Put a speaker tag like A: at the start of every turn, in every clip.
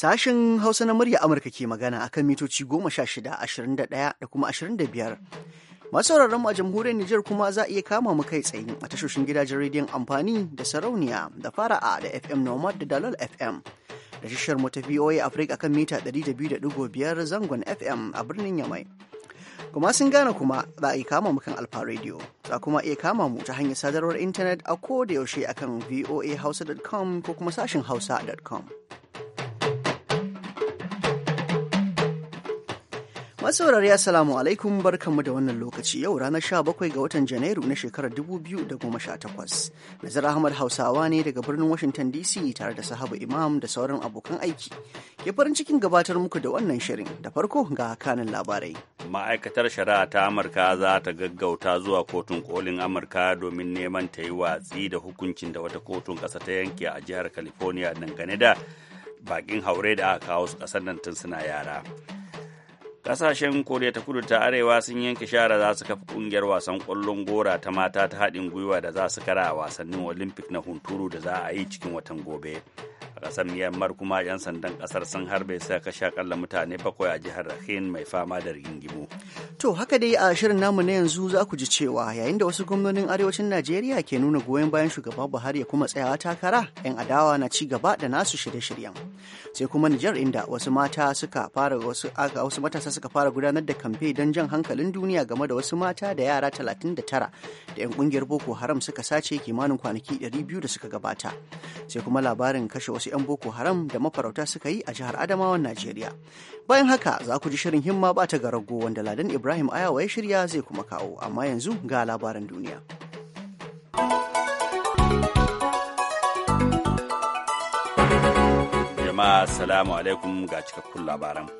A: Sashen Hausa na murya Amurka ke magana akan mitoci goma sha shida, ashirin da ɗaya da kuma ashirin da biyar. Masu mu a jamhuriyar Nijar kuma za a iya kama mu kai tsaye a tashoshin gidajen rediyon amfani da sarauniya da fara'a da FM Nomad da Dalal FM. Da mu ta VOA Africa kan mita ɗari da 200.5 zangon FM a birnin Yamai. Kuma sun gane kuma za a iya kama mu kan Alfa Radio. Za kuma iya kama mu ta hanyar sadarwar intanet a ko da yaushe akan voahausa.com ko kuma sashin hausa.com. ya Assalamu alaikum barkanmu da wannan lokaci yau ranar 17 ga watan Janairu na shekarar 2018. Nazar Ahmad Hausawa ne daga birnin Washington DC tare da sahabu Imam da sauran abokan aiki. Ke farin cikin gabatar muku da wannan shirin da farko ga kanin labarai.
B: Ma'aikatar shari'a ta Amurka za ta gaggauta zuwa kotun kolin Amurka domin neman ta yi watsi da hukuncin da wata kotun kasa ta yanke a jihar California dangane da bakin haure da aka kawo su kasar nan tun suna yara. kasashen koriya ta kudu ta arewa sun yanke shara za su kafa kungiyar wasan kwallon gora ta mata ta haɗin gwiwa da za su kara a wasannin olympic na hunturu da za a yi cikin watan gobe a myanmar kuma 'yan sandan kasar sun harbe sai kashe akalla mutane bakwai a jihar rakhine mai fama da rigingimu
A: to haka dai a shirin namu na yanzu za ku ji cewa yayin da wasu gwamnonin arewacin najeriya ke nuna goyon bayan shugaban buhari ya kuma tsayawa takara 'yan adawa na ci gaba da nasu shirye-shiryen sai kuma nijar inda wasu mata suka fara wasu wasu matasa suka fara gudanar da kamfe don jan hankalin duniya game da wasu mata da yara 39 da 'yan kungiyar boko haram suka sace kimanin kwanaki 200 da suka gabata sai kuma labarin kashe wasu 'yan boko haram da mafarauta suka yi a jihar adamawan najeriya bayan haka za ku ji shirin himma ba ta garago wanda ladan ibrahim ayawa ya shirya zai kuma kawo amma yanzu ga labaran duniya
B: jama'a salamu alaikum ga cikakkun labaran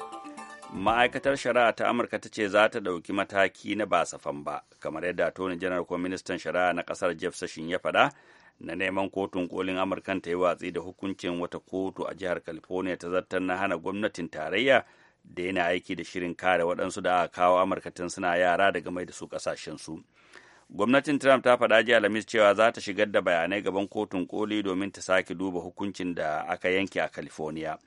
B: ma'aikatar shari'a ta amurka ta ce za ta ɗauki mataki na ba ba kamar yadda tony janar ko ministan shari'a na ƙasar jeff sashin ya faɗa na neman kotun kolin amurkan ta yi watsi da hukuncin wata kotu a jihar california ta zartar na hana gwamnatin tarayya da yana aiki da shirin kare waɗansu da aka kawo amurka suna yara daga mai da su su gwamnatin trump ta faɗa jiya alhamis cewa za ta shigar da bayanai gaban kotun koli domin ta sake duba hukuncin da aka yanke a california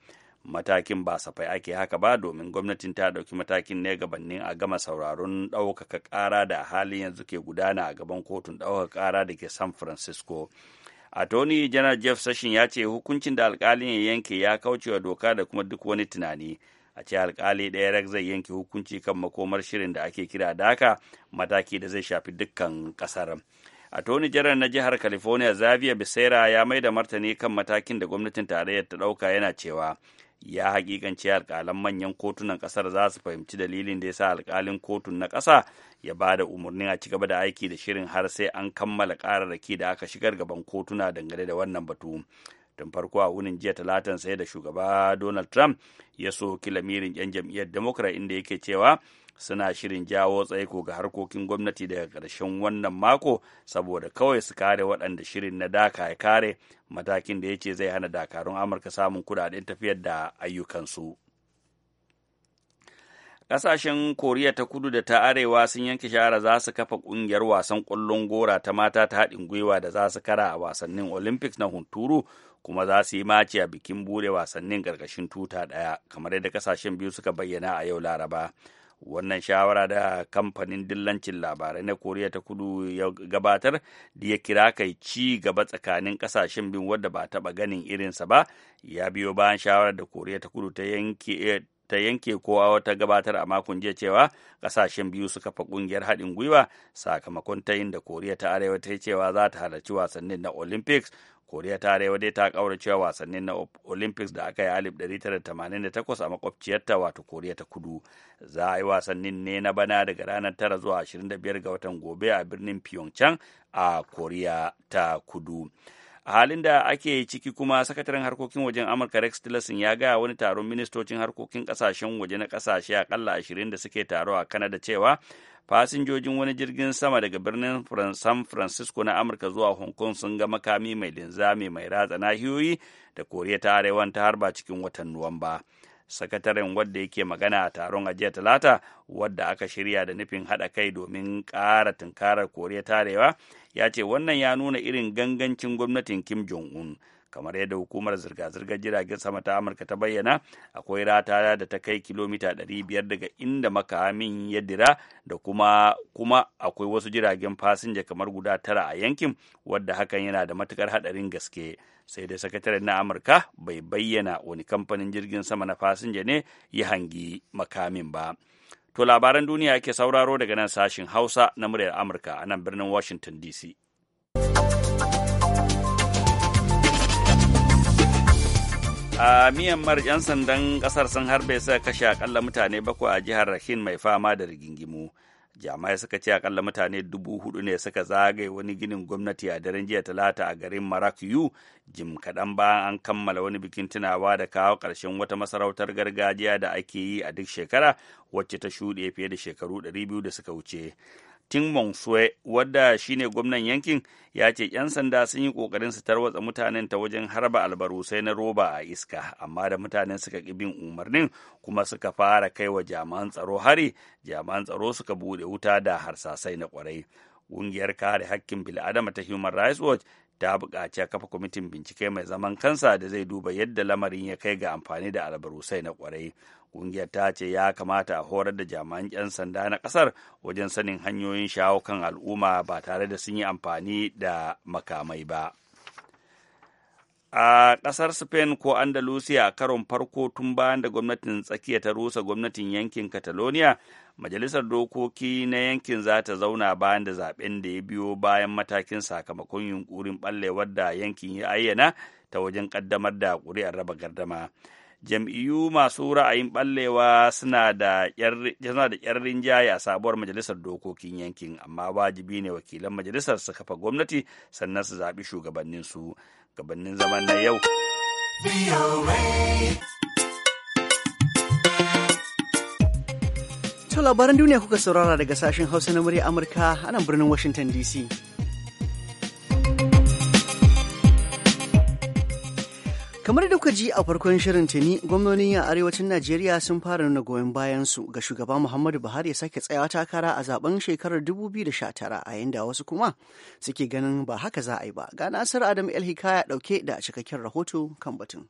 B: matakin ba safai ake haka ba domin gwamnatin ta ɗauki matakin ne gabanin a gama sauraron ɗaukaka ƙara da halin yanzu ke gudana a gaban kotun ɗaukaka ƙara da ke san francisco attorney janar jeff session ya ce hukuncin da alkalin ya yanke ya kaucewa doka da kuma duk wani tunani a ce alkali ɗaya rak zai yanke hukunci kan makomar shirin da ake kira daka mataki da zai shafi dukkan ƙasar A tony jarar na jihar california xavier becerra ya mai da martani kan matakin da gwamnatin tarayyar ta ɗauka yana cewa ya hakikanci alkalan manyan kotunan kasar za su fahimci dalilin da ya sa alkalin kotun na ƙasa ya ba da umarnin a cigaba da aiki da shirin har sai an kammala kararraki da aka shigar gaban kotuna dangane da wannan batu tun farko a wunin jiya talatin sai da shugaba donald trump ya soki lamirin 'yan jam'iyyar democrat inda yake cewa suna shirin jawo tsaiko ga harkokin gwamnati daga ƙarshen wannan mako saboda kawai su kare waɗanda shirin na daka ya kare matakin da ya ce zai hana dakarun amurka samun kudaden tafiyar da ayyukansu ƙasashen koriya ta kudu da ta arewa sun yanke shahara za su kafa ƙungiyar wasan kwallon gora ta mata ta haɗin gwiwa da za su kara a wasannin olympics na hunturu kuma za su yi maci a bikin bude wasannin ƙarƙashin tuta ɗaya kamar yadda ƙasashen biyu suka bayyana a yau laraba wannan shawara da kamfanin dillancin labarai na koriya ta kudu ya gabatar da ya kira kai ci gaba tsakanin kasashen bin wadda ba taɓa ganin irinsa ba ya biyo bayan shawarar da koriya ta kudu ta yanke ta yanke kowa wata gabatar a makon jiya cewa kasashen biyu suka fa kungiyar haɗin gwiwa sakamakon tayin da koriya ta arewa ta yi cewa za ta halarci wasannin na olympics koriya ta arewa dai ta kaura cewa wasannin na olympics da aka yi a 1988 a makwabciyarta wato koriya ta kudu za a yi wasannin ne na bana daga ranar 9 zuwa 25 ga watan gobe a birnin pyeongchang a koriya ta kudu. a halin da ake ciki kuma sakataren harkokin wajen amurka rex tillerson ya gaya wani taron ministocin harkokin kasashen waje na kasashe akalla ashirin da suke taro a kanada cewa fasinjojin wani jirgin sama daga birnin san francisco na amurka zuwa hong kong sun ga makami mai linzami mai ratsa nahiyoyi da koriya ta arewan ta harba cikin watan nuwamba sakataren wadda yake magana a taron a talata wadda aka shirya da nufin haɗa kai domin ƙara tunkarar koriya tarewa ya ce wannan ya nuna irin gangancin gwamnatin kim jong-un kamar yadda hukumar zirga-zirgar jiragen sama ta amurka ta bayyana akwai rata da ta kai kilomita 500 daga inda makamin ya dira da kuma kuma akwai wasu jiragen fasinja kamar guda tara a yankin wadda hakan yana da matukar hadarin gaske sai dai sakataren na amurka bai bayyana wani kamfanin jirgin sama na fasinja ne ya hangi makamin ba to labaran duniya ke sauraro daga nan sashin hausa na muryar amurka a nan birnin washington dc a miyanmar 'yan sandan kasar sun harbe suka kashe akalla mutane bakwai a jihar rahin mai fama da rigingimu jami'ai suka ce akalla mutane dubu hudu ne suka zagaye wani ginin gwamnati a daren jiya talata a garin marakiyu jim kaɗan bayan an kammala wani bikin tunawa da kawo ƙarshen wata masarautar gargajiya da ake yi a duk shekara wacce ta shuɗe fiye da shekaru ɗari biyu da suka wuce Tin Mongsue wadda shine gwamnan yankin ya ce 'yan sanda sun yi ƙoƙarin su tarwatsa mutanen ta wajen harba albarusai na roba a iska amma da mutanen suka ƙi bin umarnin kuma suka fara kai wa jami'an tsaro hari jami'an tsaro suka buɗe wuta da harsasai na ƙwarai. Ƙungiyar kare hakkin bil'adama ta Human Rights Watch ta buƙaci a kafa kwamitin bincike mai zaman kansa da zai duba yadda lamarin ya kai ga amfani da albarusai na kwarai ƙungiyar ta ce ya kamata a horar da jami'an 'yan sanda na ƙasar wajen sanin hanyoyin shawo kan al'umma ba tare da sun yi amfani da makamai ba. a ƙasar spain ko andalusiya a karon farko tun bayan da gwamnatin tsakiya ta rusa gwamnatin yankin catalonia majalisar dokoki na yankin za ta zauna bayan da zaben da ya biyo bayan matakin sakamakon yunkurin ɓallewar da yankin ya ayyana ta wajen ƙaddamar da ƙuri'ar raba gardama jam'iyyu masu ra'ayin ɓallewa suna da ƙyar rinjaye a sabuwar majalisar dokokin yankin amma wajibi ne wakilan majalisar su kafa gwamnati sannan su zaɓi shugabanninsu gabanin zaman na yau.
A: To labaran duniya kuka saurara daga sashen Hausa na murya Amurka a nan birnin Washington DC. Kamar da ji a farkon shirin tuni, gwamnonin a arewacin Najeriya sun fara nuna goyon bayansu ga shugaba Muhammadu Buhari ya sake tsayawa takara a zaben shekarar 2019 a yayin da wasu kuma suke ganin ba haka za a yi ba. Ga Nasir Adam El Hikaya dauke da cikakken rahoto kan batun.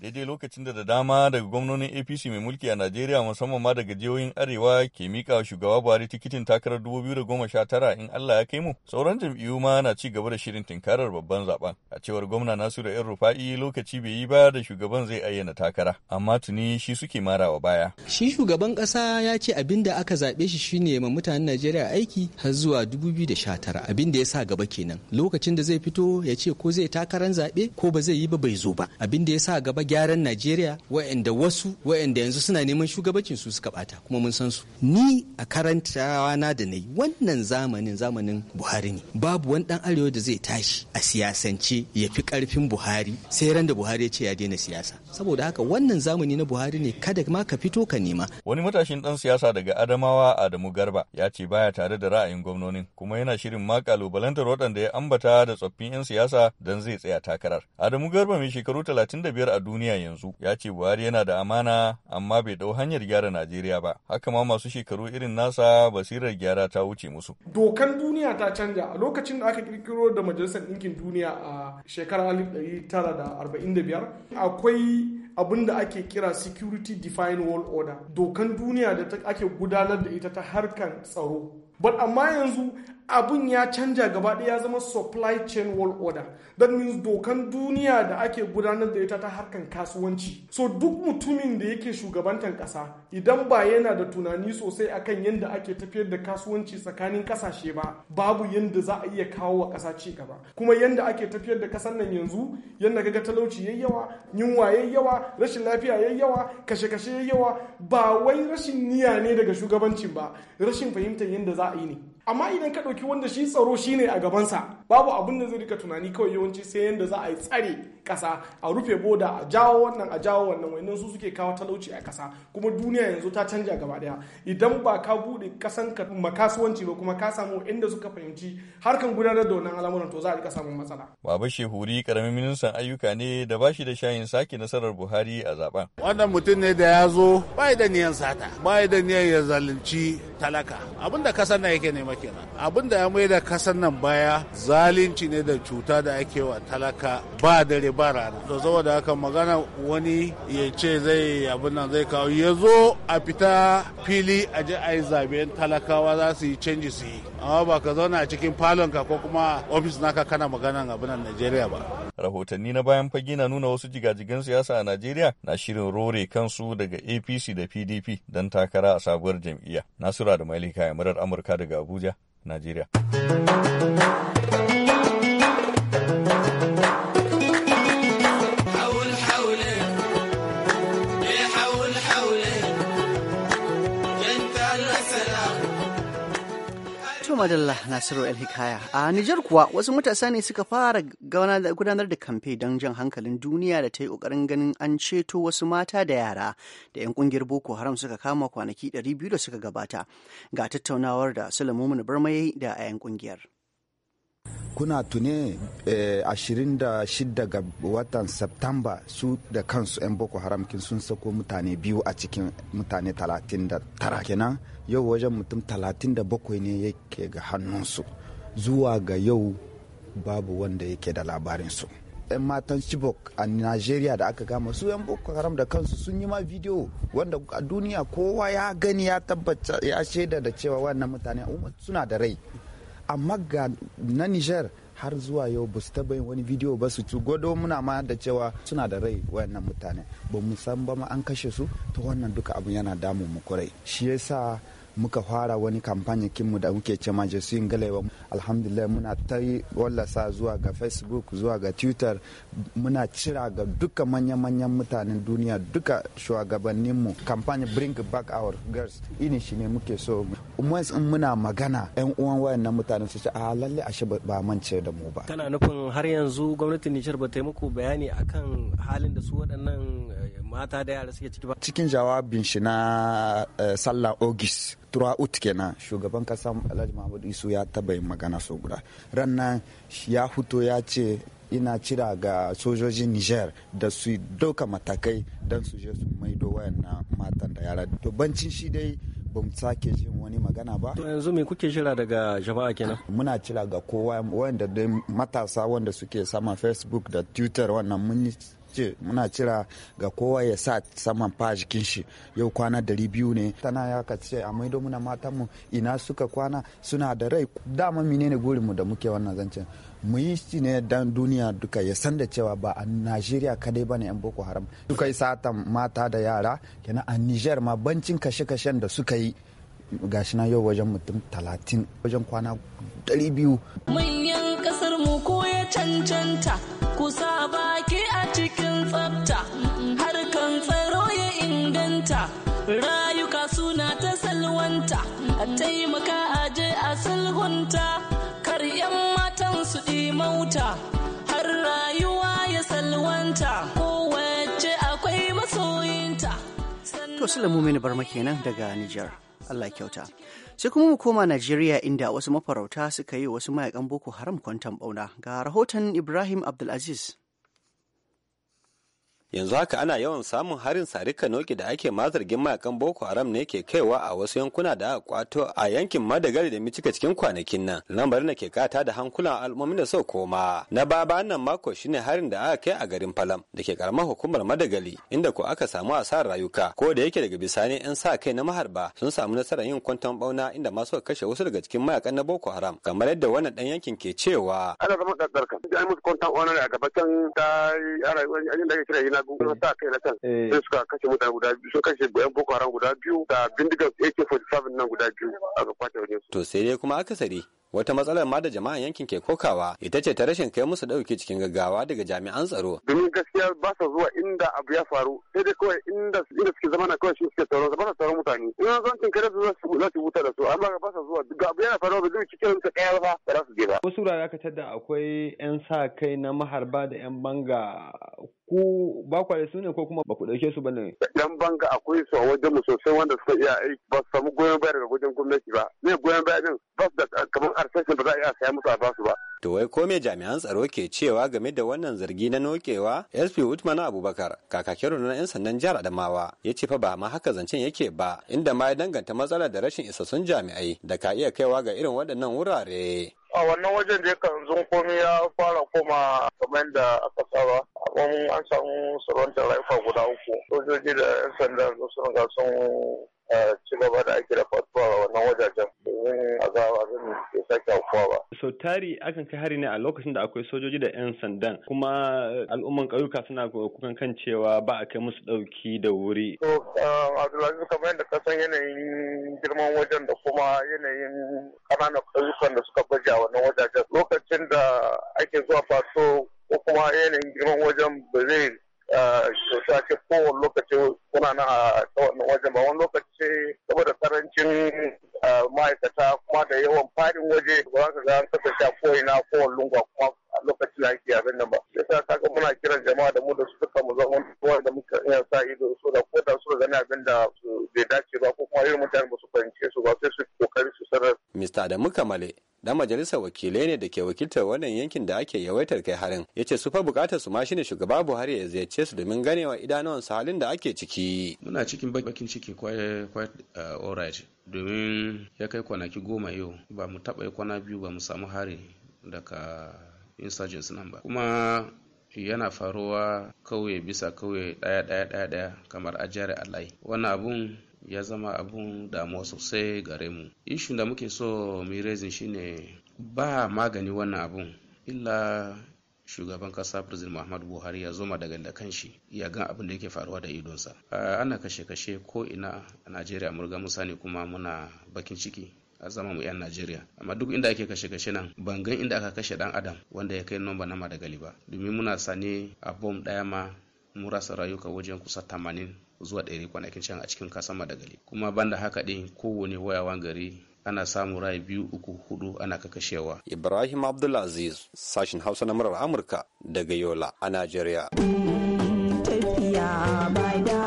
C: daidai lokacin da da dama daga gwamnonin apc mai mulki a najeriya musamman ma daga jihohin arewa ke mika shugaba buhari tikitin takarar 2019 in allah ya kai mu sauran jam'iyyu ma na ci gaba da shirin tinkarar babban zaben a cewar gwamna nasiru yan rufa'i lokaci bai yi ba da shugaban zai ayyana takara amma tuni shi suke marawa baya
D: shi shugaban
E: kasa ya ce abin da aka zaɓe shi shine ma mutanen najeriya aiki har zuwa 2019 abin da ya sa gaba kenan lokacin da zai fito ya ce ko zai takarar zaɓe ko ba zai yi ba bai zo ba abin da ya sa gaba gyaran najeriya wa'anda wasu wa'anda yanzu suna neman shugabancin su suka bata kuma mun san su ni a karantawa na da nayi wannan zamanin zamanin buhari ne babu wani dan arewa da zai tashi a siyasance ya fi karfin buhari sai ran da buhari ya ce ya daina siyasa saboda haka wannan zamani na buhari ne kada ma ka fito ka nema
C: wani matashin dan siyasa daga adamawa adamu garba ya ce baya tare da ra'ayin gwamnonin kuma yana shirin ma kalubalantar waɗanda ya ambata da tsoffin 'yan siyasa don zai tsaya takarar adamu garba mai shekaru 35 a duniya duniya yanzu ya ce buhari yana da amana amma bai dau hanyar gyara najeriya ba haka ma masu shekaru irin nasa basirar gyara ta wuce musu
F: dokan duniya ta canja a lokacin da aka kirkiro da majalisar ɗinkin duniya a shekarar 1945 akwai abin da ake kira security defined world order dokan duniya da ake gudanar da ita ta harkar tsaro but amma yanzu abun ya canja gaba ɗaya ya zama supply chain world order that means dokan duniya da ake gudanar da ita ta harkan kasuwanci so duk mutumin da yake shugabantan kasa idan ba yana da tunani sosai akan yadda ake tafiyar da kasuwanci tsakanin kasashe ba babu yadda za a iya kawo wa ƙasa ci gaba kuma yadda ake tafiyar da kasar nan yanzu yadda kaga talauci yayyawa yunwa yayyawa rashin lafiya yayyawa kashe-kashe yayyawa ba wai rashin niyya ne daga shugabancin ba rashin fahimtar yadda za a yi ne amma idan ka ɗauki wanda shi tsaro shine a gabansa babu abin da zai rika tunani kawai yawanci sai yadda za a yi tsare kasa a rufe boda a jawo wannan a jawo wannan wannan su suke kawo talauci a kasa kuma duniya yanzu ta canja gaba daya idan ba ka bude kasan ka makasuwanci ba kuma ka samu inda suka fahimci harkan gudanar da wannan al'amuran to za a rika samun matsala
C: baba shehuri karamin ministan ayyuka ne da bashi da shayin sake nasarar buhari a zaben
D: wannan mutum ne da ya zo bai da niyan sata bai da niyan ya zalunci talaka abinda kasan nan yake nema kenan abinda ya mai da kasan nan baya zalunci ne da cuta da ake wa talaka ba dare ba rana da saboda haka magana wani ya ce zai abin nan zai kawo ya zo a fita fili a ji a yi zaben talakawa za su yi canji su yi amma ba ka zauna a cikin falon ka ko kuma ofis naka kana magana abin nan Najeriya ba.
C: Rahotanni na bayan fage na nuna wasu jigajigan siyasa a Najeriya na shirin rore kansu daga APC da PDP don takara a sabuwar jam'iyya. Nasura da Malika ya murar Amurka daga Abuja, Najeriya.
A: madalla Nasiru El Hikaya. A Nijar kuwa wasu matasa ne suka fara gudanar da kamfe don jan hankalin duniya da ta yi ƙoƙarin ganin an ceto wasu mata da yara da 'yan ƙungiyar Boko Haram suka kama kwanaki 200 da suka gabata. Ga tattaunawar da Sulaimu Barma da 'yan ƙungiyar.
G: kuna tune eh, shida ga watan september su da kansu 'yan boko haram sun sako mutane biyu a cikin mutane 39 kenan yau wajen mutum talatin da 37 ne yake ga hannunsu zuwa ga yau babu wanda yake da labarinsu 'yan matan chibok a nigeria da aka gama su 'yan boko haram da kansu sun yi ma video wanda a duniya kowa ya gani ya tabbata ya shaida da cewa wannan mutane suna da rai a ga na niger har zuwa yau ba su taba yin wani video ba su ci gwado muna ma da cewa suna da rai wayannan mutane ba mu san ba ma an kashe su to wannan duka abin yana damun mu kurai shi yasa muka fara wani kamfanin kinmu da muke cema jesu galewa alhamdulillah muna ta wallasa zuwa ga facebook zuwa ga twitter muna cira ga duka manya-manyan mutanen duniya duka shugabanninmu kamfanin bring back our girls ini shi ne muke so once in muna magana yan uwan na mutanen su ce a ah, lalle ashe ba mance da mu ba tana
E: nufin har yanzu gwamnatin Nijar ba ta yi muku bayani akan halin da su waɗannan eh,
G: mata da yara suke ciki ba cikin jawabin shi na eh, sallah ogis throughout kenan shugaban kasa alhaji muhammadu isu ya taba yin magana so guda rannan ya fito ya ce ina cira ga sojojin niger da su doka matakai don su je su maido wayannan matan da yara to bancin shi dai ba mu sake jin wani magana ba. to yanzu me kuke shira daga jama'a kenan? Muna cira ga kowa wanda dai matasa wanda suke sama Facebook da Twitter wannan mun ce muna cira ga kowa ya sa saman fajikin shi yau kwana dari biyu ne tana ya ka ce a maido muna mu ina suka kwana suna da rai dama menene gurinmu da muke wannan zancen mu yi shi ne dan duniya duka ya san da cewa ba a najeriya kadai ba ne 'yan boko haram suka yi satan mata da yara kenan a niger ma bancin kashe-kashen da suka yi gashi na yau wajen mutum talatin wajen kwana dari biyu. Manyan ƙasarmu mu ko ya cancanta kusa baki a cikin tsafta harkan tsaro ya inganta rayuka suna ta salwanta a taimaka a je a sulhunta karyan matan su mauta har rayuwa ya salwanta
F: kowace akwai masoyinta.
A: To, Sulamu Mini Barma kenan daga Nijar. Allah kyauta. Sai kuma mu koma Najeriya inda wasu mafarauta suka yi wasu mayakan Boko Haram kwantan bauna ga rahoton Ibrahim Abdulaziz.
E: yanzu haka ana yawan samun harin sarika noki da ake mazargin mayakan boko haram ne ke kaiwa a wasu yankuna da aka kwato a yankin madagali da micika cikin kwanakin nan lambarin da ke kata da hankulan al'ummomin da sau koma na baba nan mako shine harin da aka kai a garin falam da ke karamar hukumar madagali inda ko aka samu asarar rayuka ko da yake daga bisani yan sa kai na maharba sun samu nasarar yin kwanton bauna inda masu kashe wasu daga cikin mayakan na boko haram kamar yadda wannan dan yankin ke cewa
H: ana zama da musu kwanton bauna a gabacin ta da ake kira na gungun sa kai na kan eh. sai suka kashe mutane guda biyu suka kashe yan boko haram guda biyu da bindigar AK47 nan guda biyu aka kwace wajen su
E: to sai dai kuma akasari wata matsalar ma da jama'an yankin ke kokawa ita ce ta rashin kai musu dauki cikin gaggawa daga jami'an tsaro
H: domin gaskiya ba sa zuwa inda abu ya faru sai dai kawai inda inda suke zama na kawai shi suke tsaro ba sa tsaro mutane in an zan kare su za su wuta da su amma ba sa zuwa duk abu yana faruwa ba zai cikin ka ɗaya ba ba za su je ba
E: wasu wurare aka tada akwai 'yan sa kai na maharba da 'yan banga ku ba kwa da su ko kuma ba ku dauke su ba ne.
H: banga akwai su a wajen mu sosai wanda suka iya aiki ba su samu goyon baya daga wajen gwamnati ba. Ne goyon baya din ba da kamar arsashin ba za a iya saya musu a basu ba.
E: To wai ko me jami'an tsaro ke cewa game da wannan zargi na nokewa? SP Utman Abubakar kakakin rundunar 'yan sandan jihar Adamawa ya ce fa ba ma haka zancen yake ba inda ma ya danganta matsalar da rashin isassun jami'ai da ka iya kaiwa ga irin waɗannan wurare.
H: a wannan wajen da yakan zun komi ya fara koma kamar da aka saba abin an samu tsaron raifa guda uku sojoji da 'yan sanda sun riga sun Eh, ci gaba da ake da fasuwa a wannan wajajen domin eh. a za zan ke sake aukuwa ba.
E: So tari akan kai hari ne a lokacin da akwai sojoji da 'yan sandan kuma eh, al'umman ƙauyuka suna kukan kan cewa ba a kai musu ɗauki da wuri.
H: So Abdulaziz kamar yadda ka san yanayin girman wajen da kuma yanayin ƙananan ƙauyukan da suka baje a wannan wajajen lokacin da ake zuwa faso ko kuma yanayin girman wajen ba zai Eh, to ake kowane lokaci kuna na a wannan wajen ba wani lokaci saboda karancin eh, ma'aikata kuma da yawan fadin waje ba za ka ga an kasance a ko'ina kowane lungwa kuma a lokacin da ake abin nan ba ka kaga muna kiran jama'a da mu da su duka mu zama wanda muka iya sa ido su da ko da su gani abin da bai dace ba ko kuma irin mutane ba su fahimce su ba sai su kokari su sanar.
E: da Adamu Kamale dan majalisar wakilai ne da ke wakiltar wannan yankin da ake yawaitar kai harin ya ce su fa bukatar su ma shine shugaba buhari ya ziyarce
D: su domin ganewa su halin da ake ciki muna cikin bakin ciki quite uh, alright domin ya kai kwanaki goma yau ba mu taɓa kwana biyu ba mu samu hari daga insurgents nan ba kuma yana faruwa kauye bisa kauye daya daya daya kamar ajiyar alai wani abun ya zama abun damuwa sosai gare mu ishin da muke so mu rezin shine ba magani wannan abun illa shugaban kasa firzin muhammadu buhari ya zoma daga da kanshi ya gan abin da yake faruwa da idonsa ana kashe-kashe ko ina a najeriya murga musa ne kuma muna bakin ciki a zama mu 'yan Najeriya. Amma duk inda ake kashe-kashe nan ban gan inda aka kashe dan adam wanda ya kai nomba na Madagali ba. Domin muna sane a bom ɗaya ma mu rasa rayuka wajen kusa tamanin zuwa ɗari kwanakin can a cikin kasama da gari kuma banda haka ɗin kowane wayawan gari ana samu rai biyu uku hudu ana kakashewa ibrahim abdulaziz sashin hausa na murar amurka daga yola a najeriya
I: tafiya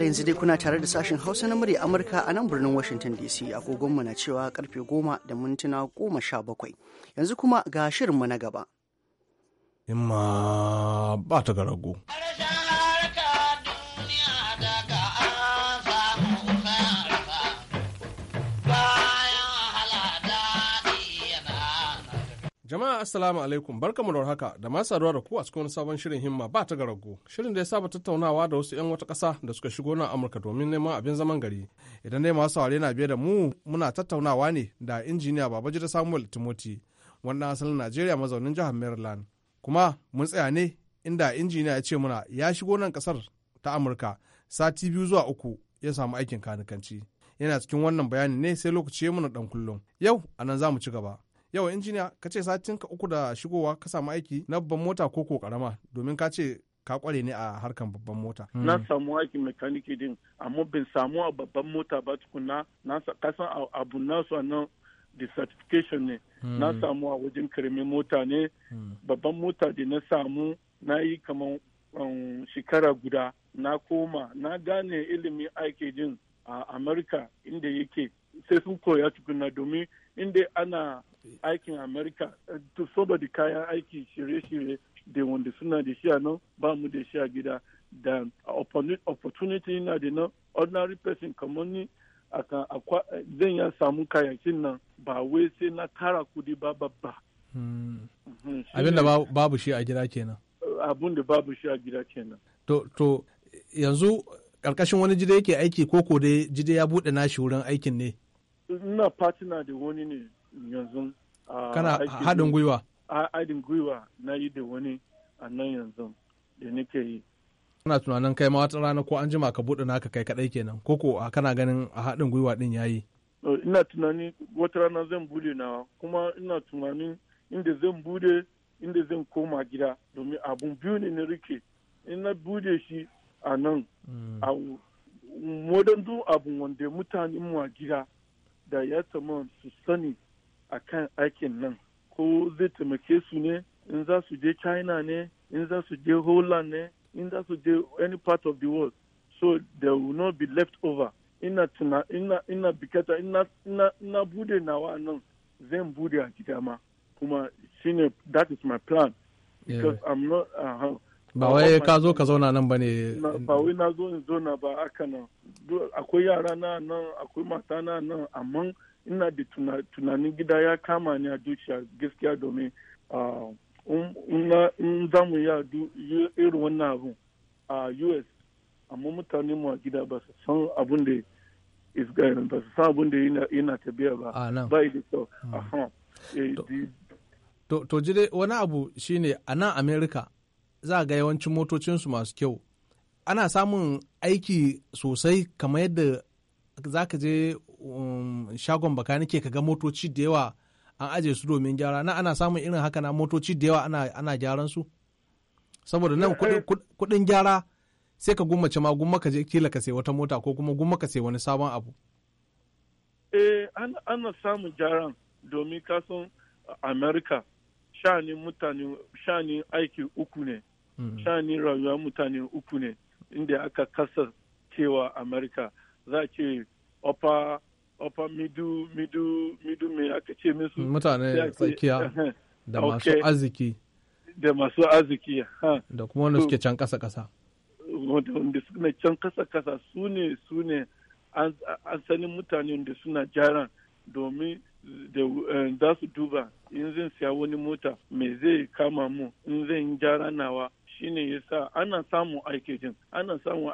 A: har yanzu dai kuna tare da sashen hausa na murya amurka a nan birnin washington dc agogonmu na cewa karfe goma da mintuna goma sha bakwai yanzu kuma ga shirinmu na gaba
J: In ma ba ta ga rago Jama'a Assalamu alaikum barkamu da haka da masu saduwa da ku a cikin sabon shirin himma ba ta garago. Shirin da ya saba tattaunawa da wasu 'yan wata ƙasa da suka shigo nan Amurka domin neman abin zaman gari. Idan dai masu saurare na biye da mu muna tattaunawa ne da injiniya Babajida Samuel Timothy wannan asalin Najeriya mazaunin jihar Maryland. Kuma mun tsaya ne inda injiniya ya ce muna ya shigo nan ƙasar ta Amurka sati biyu zuwa uku ya samu aikin kanikanci. Yana cikin wannan bayani ne sai lokaci ya muna dan kullum. Yau anan za mu ci gaba. yau injiniya ka ce satin ka uku da shigowa ka samu aiki na babban mota ko ko karama domin ka ce ka kware ne a harkan babban mota. Na hmm.
K: samu aiki mekaniki din amma bin samu a babban mota ba tukuna na kasan abu nasu a nan da certification ne na hmm. samu a wajen karamin mota ne hmm. babban mota da na samu na yi kamar um, shekara guda na koma na gane ilimin aiki din a amurka inda yake sai sun koya tukuna domin inda ana aikin Amerika, to saboda kayan aiki shirye-shirye da wanda suna da shi a nan ba mu da shi a gida da opportunity na da nan ordinary person kamar ni akan zan ya samu kayakin nan ba wai sai na tara kudi ba ba ba hmm. Hmm, Abin da
J: babu shi a gida kenan.
K: Abin da babu shi a gida kenan.
J: To, to yanzu karkashin wani jide yake aiki ko ko dai jide ya buɗe nashi wurin aikin ne?
K: Ina fatina da wani ne yanzu kana haɗin gwiwa a haɗin gwiwa na yi da wani a nan yanzu da nake yi
J: kana tunanin kai ma wata rana ko an jima ka buɗe naka kai kaɗai kenan ko ko kana ganin a haɗin gwiwa ɗin yayi
K: ina tunani wata rana zan buɗe nawa kuma ina tunanin inda zan buɗe inda zan koma gida domin abun biyu ne na rike ina buɗe shi a nan mm. a modern abun wanda mutanen mu a gida da ya su sani a kan aikin nan ko zai taimake su ne in za su je china ne in za su je holland ne in za su je any part of the world so they will not be left over ina tuna ina ina bikata ina ina ina bude nawa nan zan bude a gida ma kuma shine that is my plan because yeah. i'm not uh -huh.
J: ba wai ka zo ka zauna nan ba ne
K: ba wai na zo in zauna ba haka nan akwai yara na nan akwai mata na nan amma ina da tunanin gida ya kama ni a dukiya gaskiya domin in za mu yi irin wannan abu a us amma mutane mu a gida ba su san abun da ba su san abun da yana ba ah, ba yi da kyau hmm. eh,
J: to ji wani abu shine a nan america za ga yawancin motocinsu masu kyau ana samun aiki sosai kamar yadda za ka je Um, shagon baka nake ga motoci da yawa an aje su domin gyara na ana samun irin haka na motoci da yawa ana, ana gyaran su saboda nan kudin eh, eh. gyara sai ka gummace ma gumma ka je kila ka sai wata mota ko kuma gumma ka sai wani sabon abu
K: eh ana samun gyaran domin kasan america shani mutane shani aiki uku ne hmm. shani rayuwa mutane uku ne inda aka kasa cewa america za ce upper ofa midu midu midu me aka ce musu mutane tsakiya da masu arziki da masu arziki da kuma wanda suke
J: can kasa kasa
K: wanda suke can kasa kasa su ne su ne an sani mutane da suna jaran domin da eh, su duba in zan siya wani mota me zai kama mu in zan gyara nawa shine yasa ana samun aikin ana samun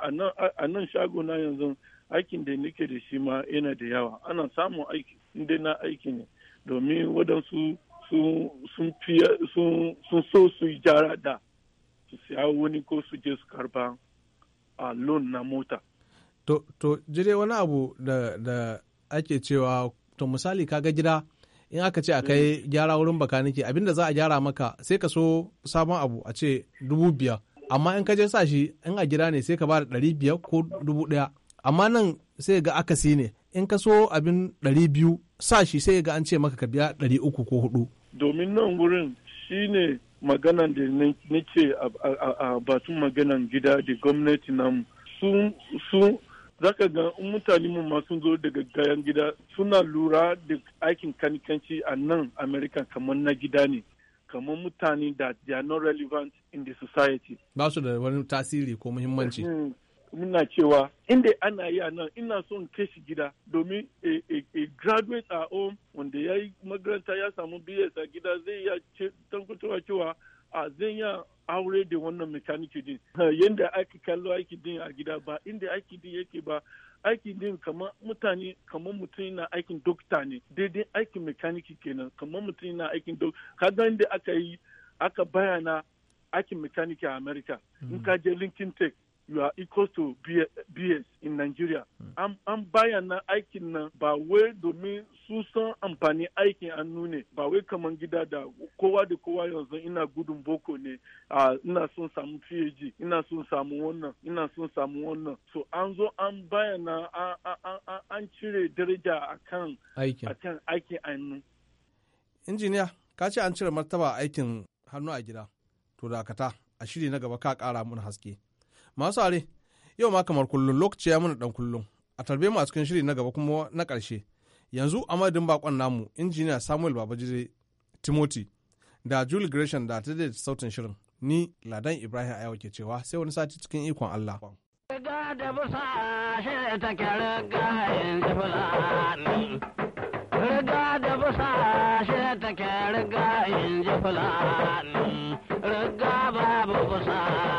K: a nan shago na yanzu aikin da nake da shi ma yana da yawa ana samun aiki inda na aiki ne domin waɗansu sun so su yi jara da su siya wani ko su je su karba a loan na mota to
J: jire wani abu da ake cewa to misali kaga gida in aka ce a kai mm-hmm. gyara wurin bakanike abinda za a gyara maka sai ka so sabon abu a ce dubu biyar amma in ka je sa shi in a gida ne sai ka ba da ɗari biyar ko dubu ɗaya amma nan sai ga akasi ne in ka so abin ɗari biyu sa shi sai ga an ce maka ka biya ɗari uku ko hudu.
K: domin nan wurin shine magana da nake a batun maganan gida da gwamnati namu sun zaka ga mutane mu ma zo daga gayan gida suna lura da aikin kanikanci a nan america kamar na gida ne kamar mutane da they are not relevant in the society
J: ba su da wani tasiri ko muhimmanci
K: mm. muna cewa inda ana yi a nan ina son kashi gida domin a, a, a graduate a home wanda ya yi makaranta ya samu bs a gida zai ya tankutuwa cewa a zai ya aure da wannan mekaniki din yadda ake kallo aiki din a gida ba inda aiki din yake ba aiki din kamar mutane kamar mutum na aikin dokta ne daidai aikin mekaniki kenan kamar mutum na aikin dokta kaga inda aka yi aka bayana aikin mekaniki a america in ka je linkin tech you are equal to BS in Nigeria. Hmm. An bayan nan aikin nan ba wai domin sun san amfani aikin hannu ne ba wai kaman gida da kowa da kowa yanzu ina gudun boko ne a ina son samu PhD ina son samu wannan ina son samu wannan so an zo an bayyana an cire daraja akan kan aikin hannu.
J: Injiniya ka ce an cire martaba aikin hannu a gida to dakata a shiri na gaba ka kara mun haske. Masu are, yau ma kamar kullum lokaci ya mana dan kullum. A tarbe mu a cikin shiri na gaba kuma na karshe Yanzu a bakon namu, injiniya Samuel babajire Timothy da Julie Gresham da ta da sautin shirin. Ni Ladan Ibrahim yau ke cewa sai wani sati cikin ikon Allah.
D: Riga da busa shi take riga fulani. fulani. Riga babu busa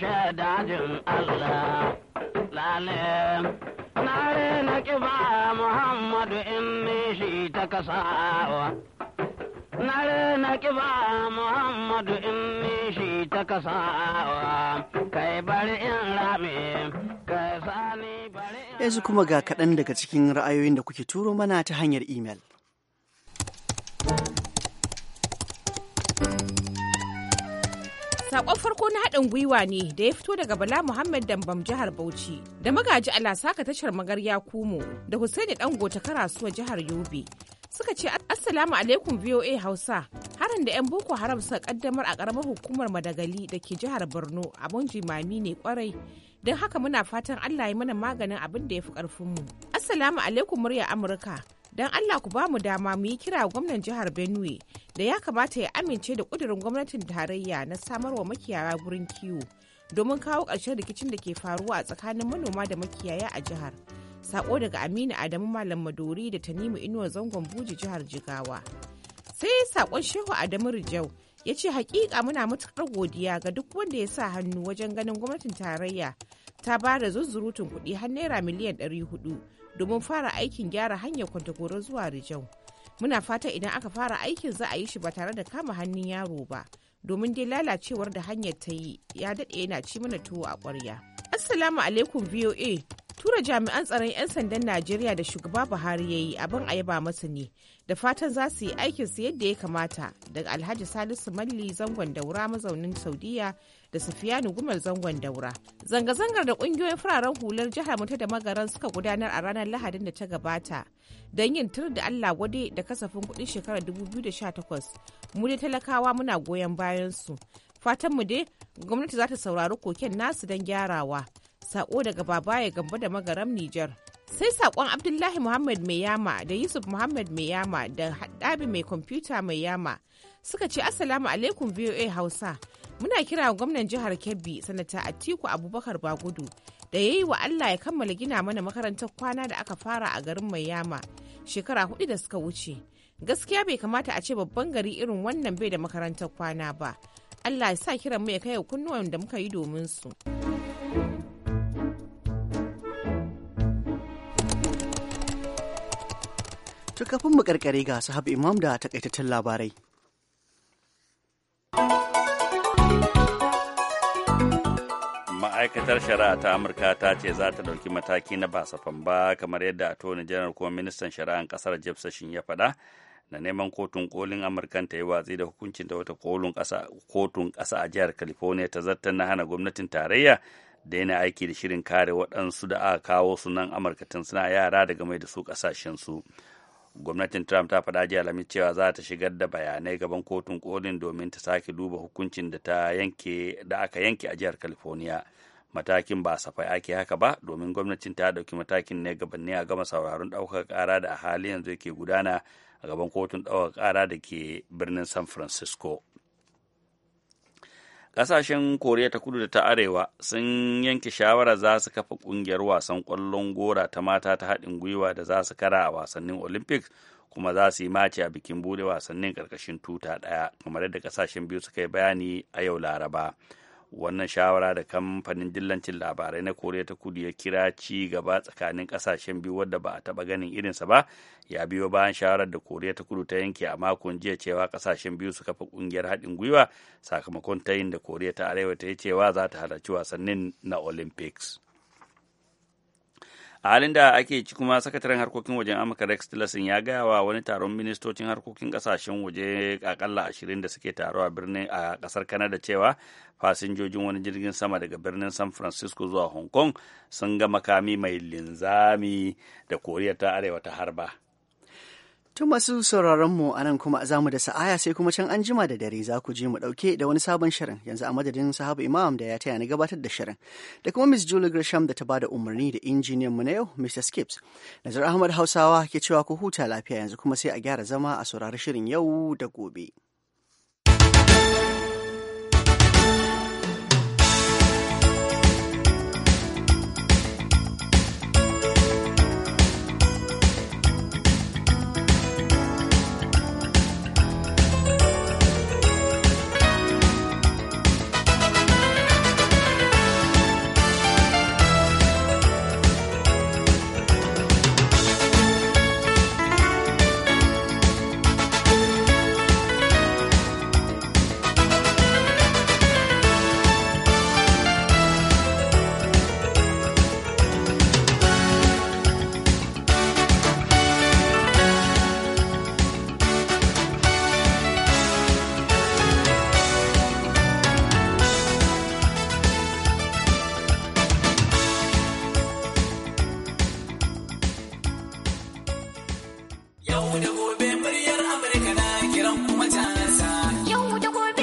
D: sha dajin Allah lale na na kiba Muhammadu in shi ta kasawa na na kiba Muhammadu in shi ta kasawa kai bari in rame kai sani
A: bari yanzu kuma ga kaɗan daga cikin ra'ayoyin da kuke turo mana ta hanyar imel.
I: Sakon farko na haɗin gwiwa ne da ya fito daga Bala Muhammad Dambam jihar Bauchi da magaji Alasaka tashar magarya Kumo da Hussaini Dango ta karasuwa jihar Yobe. Suka ce Assalamu alaikum VOA Hausa harin da 'yan Boko Haram suka kaddamar a karamar hukumar Madagali da ke jihar Borno abun jimami ne kwarai. Don haka muna fatan Allah ya mana maganin abin da ya fi ƙarfinmu. Assalamu alaikum murya Amurka. don allah ku ba mu dama mu yi kira gwamnan jihar benue da ya kamata ya amince da kudurin gwamnatin tarayya na samarwa makiyaya gurin kiwo domin kawo ƙarshen rikicin da ke faruwa a tsakanin manoma da makiyaya a jihar sako daga aminu adamu malam madori da tanimu inuwa zangon buji jihar jigawa sai sakon shehu adamu rijau ya ce hakika muna matuƙar godiya ga duk wanda ya sa hannu wajen ganin gwamnatin tarayya ta ba da zuzzurutun kuɗi har naira miliyan 400 domin fara aikin gyara hanyar kwantagoro zuwa rijau muna fata idan aka fara aikin za a yi shi ba tare da kama hannun yaro ba domin dai lalacewar da hanyar ta yi ya daɗe yana ci mana tuwo a ƙwarya assalamu alaikum voa tura jami'an tsaron 'yan sandan najeriya da shugaba buhari ya yi abin a yaba masa ne da fatan za su yi aikinsu yadda ya kamata daga alhaji salisu malli zangon daura mazaunin saudiya da Sufiyanu Gumar zangon Daura. Zanga-zangar da kungiyoyin fararen hular jihar mu da magaran suka gudanar a ranar Lahadin da ta gabata don yin tur da Allah gwade da kasafin kuɗin shekarar 2018 mu da talakawa muna goyon bayan su. Fatanmu dai gwamnati za ta saurari koken nasu don gyarawa. Sako daga baba ya Gambo da Magaram Nijar. sai saƙon abdullahi muhammad Maiyama da yusuf muhammad mai da haɗabi mai kwamfuta mai yama suka ce assalamu alaikum voa hausa muna kira gwamnan jihar kebbi sanata atiku abubakar bagudu da ya yi wa allah ya kammala gina mana makarantar kwana da aka fara a garin mai yama shekara hudu da suka wuce gaskiya bai kamata a ce babban gari irin wannan bai da makarantar kwana ba allah ya sa kiran mu ya kai kunnuwan da muka yi domin su
A: tukafin mu karkare ga sahabu imam da takaitattun labarai
B: ma'aikatar shari'a ta amurka ta ce za ta ɗauki mataki na basafan ba kamar yadda a attorney janar kuma ministan shari'an ƙasar jeff sessions ya faɗa na neman kotun kolin amurkan ta yi watsi da hukuncin da wata kotun ƙasa a jihar california ta zarta na hana gwamnatin tarayya daina aiki da shirin kare waɗansu da aka kawo sunan amurka tun suna yara daga mai da su ƙasashensu gwamnatin trump ta faɗa jiya alhamis cewa za ta shigar da bayanai gaban kotun kolin domin ta sake duba hukuncin da ta yanke da aka yanke a jihar california matakin ba safai ake haka ba domin gwamnatin ta ɗauki matakin ne gabanni a gama sauraron ɗaukar ƙara da a hali yanzu yake gudana a gaban kotun ɗaukar ƙara da ke birnin san francisco kasashen Koriya ta kudu da ta arewa sun yanke shawara za su kafa kungiyar wasan kwallon gora ta mata ta haɗin gwiwa da za su kara a wasannin Olympics kuma za su yi mace a bikin bude wasannin karkashin tuta ɗaya kamar yadda kasashen biyu suka yi bayani a yau Laraba. wannan shawara da kamfanin dillancin labarai na koriya ta kudu ya kira ci gaba tsakanin kasashen biyu wadda ba a taba ganin irinsa ba ya biyo bayan shawarar da koriya ta kudu ta yanke a makon jiya cewa kasashen biyu suka fi kungiyar haɗin gwiwa sakamakon tayin da koriya ta arewa ta yi cewa za ta halarci wasannin na olympics a halin da ake ci kuma sakataren harkokin wajen amurka rex tillerson ya gaya wa wani taron ministocin harkokin kasashen waje akalla ashirin da suke taro a birnin a kasar kanada cewa fasinjojin wani jirgin sama daga birnin san francisco zuwa hong kong sun ga makami mai linzami da koriya ta arewa ta harba
A: Tun masu sauraronmu a nan kuma za mu da sa'aya sai kuma can anjima da dare za ku je mu ɗauke da wani sabon shirin yanzu a madadin sahabu imam da ya taya ni gabatar da shirin da kuma Miss Julie Gresham da ta ba da umarni da injiniyan mu na yau Mr. Skips. Nazar Ahmad Hausawa ke cewa ku huta lafiya yanzu kuma sai a gyara zama a saurari shirin yau da gobe.